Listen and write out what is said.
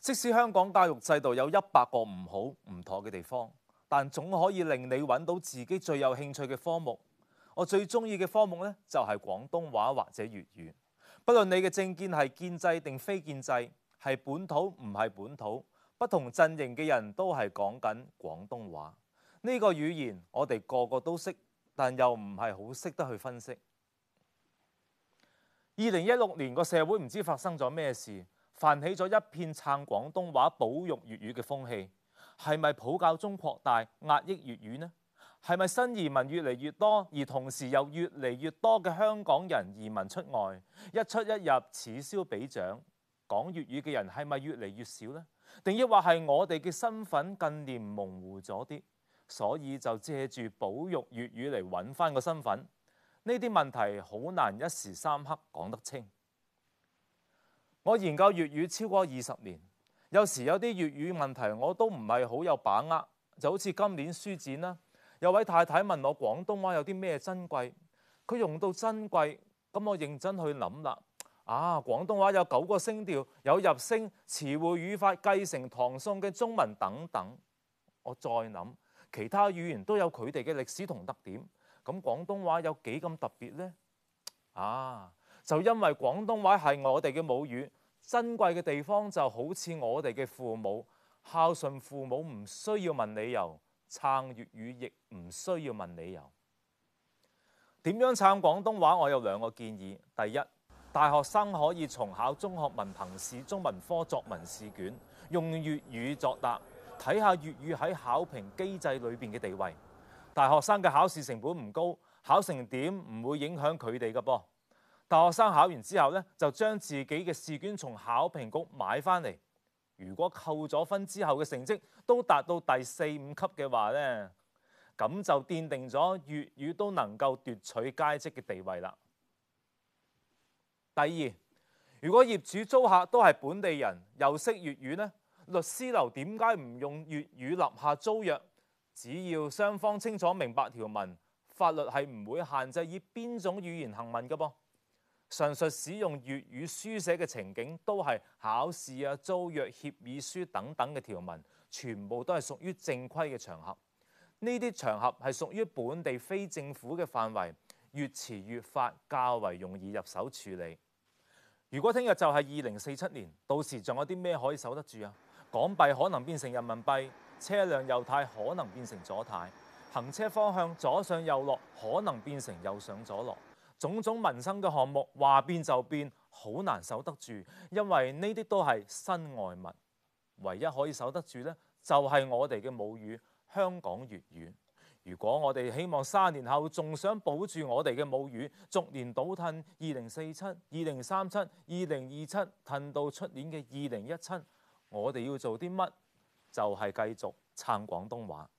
即使香港教育制度有一百個唔好、唔妥嘅地方，但總可以令你揾到自己最有興趣嘅科目。我最中意嘅科目呢，就係、是、廣東話或者粵語。不論你嘅政見係建制定非建制，係本土唔係本土，不同陣營嘅人都係講緊廣東話呢、這個語言，我哋個個都識。但又唔係好識得去分析。二零一六年個社會唔知發生咗咩事，泛起咗一片撐廣東話、保育粵語嘅風氣，係咪普教中擴大壓抑粵語呢？係咪新移民越嚟越多，而同時又越嚟越多嘅香港人移民出外，一出一入此消彼長，講粵語嘅人係咪越嚟越少呢？定抑或係我哋嘅身份近年模糊咗啲？所以就借住保育粵語嚟揾翻個身份，呢啲問題好難一時三刻講得清。我研究粵語超過二十年，有時有啲粵語問題我都唔係好有把握，就好似今年書展啦，有位太太問我廣東話有啲咩珍貴，佢用到珍貴咁，我認真去諗啦。啊，廣東話有九個聲調，有入聲詞彙、語法繼承唐宋嘅中文等等，我再諗。其他語言都有佢哋嘅歷史同特點，咁廣東話有幾咁特別呢？啊！就因為廣東話係我哋嘅母語，珍貴嘅地方就好似我哋嘅父母，孝順父母唔需要問理由，撐粵語亦唔需要問理由。點樣撐廣東話？我有兩個建議。第一，大學生可以重考中學文憑試中文科作文試卷，用粵語作答。睇下粵語喺考評機制裏邊嘅地位，大學生嘅考試成本唔高，考成點唔會影響佢哋㗎噃。大學生考完之後咧，就將自己嘅試卷從考評局買翻嚟。如果扣咗分之後嘅成績都達到第四五級嘅話咧，咁就奠定咗粵語都能夠奪取階級嘅地位啦。第二，如果業主租客都係本地人，又識粵語呢，律師樓點解唔用粵語立下租約？只要雙方清楚明白條文，法律係唔會限制以邊種語言行文嘅噃。上述使用粵語書寫嘅情景，都係考試啊、租約協議書等等嘅條文，全部都係屬於正規嘅場合。呢啲場合係屬於本地非政府嘅範圍，粵詞粵法較為容易入手處理。如果聽日就係二零四七年，到時仲有啲咩可以守得住啊？港幣可能變成人民幣，車輛右軚可能變成左軚，行車方向左上右落可能變成右上左落，種種民生嘅項目話變就變，好難守得住，因為呢啲都係身外物。唯一可以守得住咧，就係、是、我哋嘅母語香港粵語。如果我哋希望三十年後仲想保住我哋嘅母語，逐年倒褪二零四七、二零三七、二零二七，褪到出年嘅二零一七。我哋要做啲乜？就係繼續撐廣東話。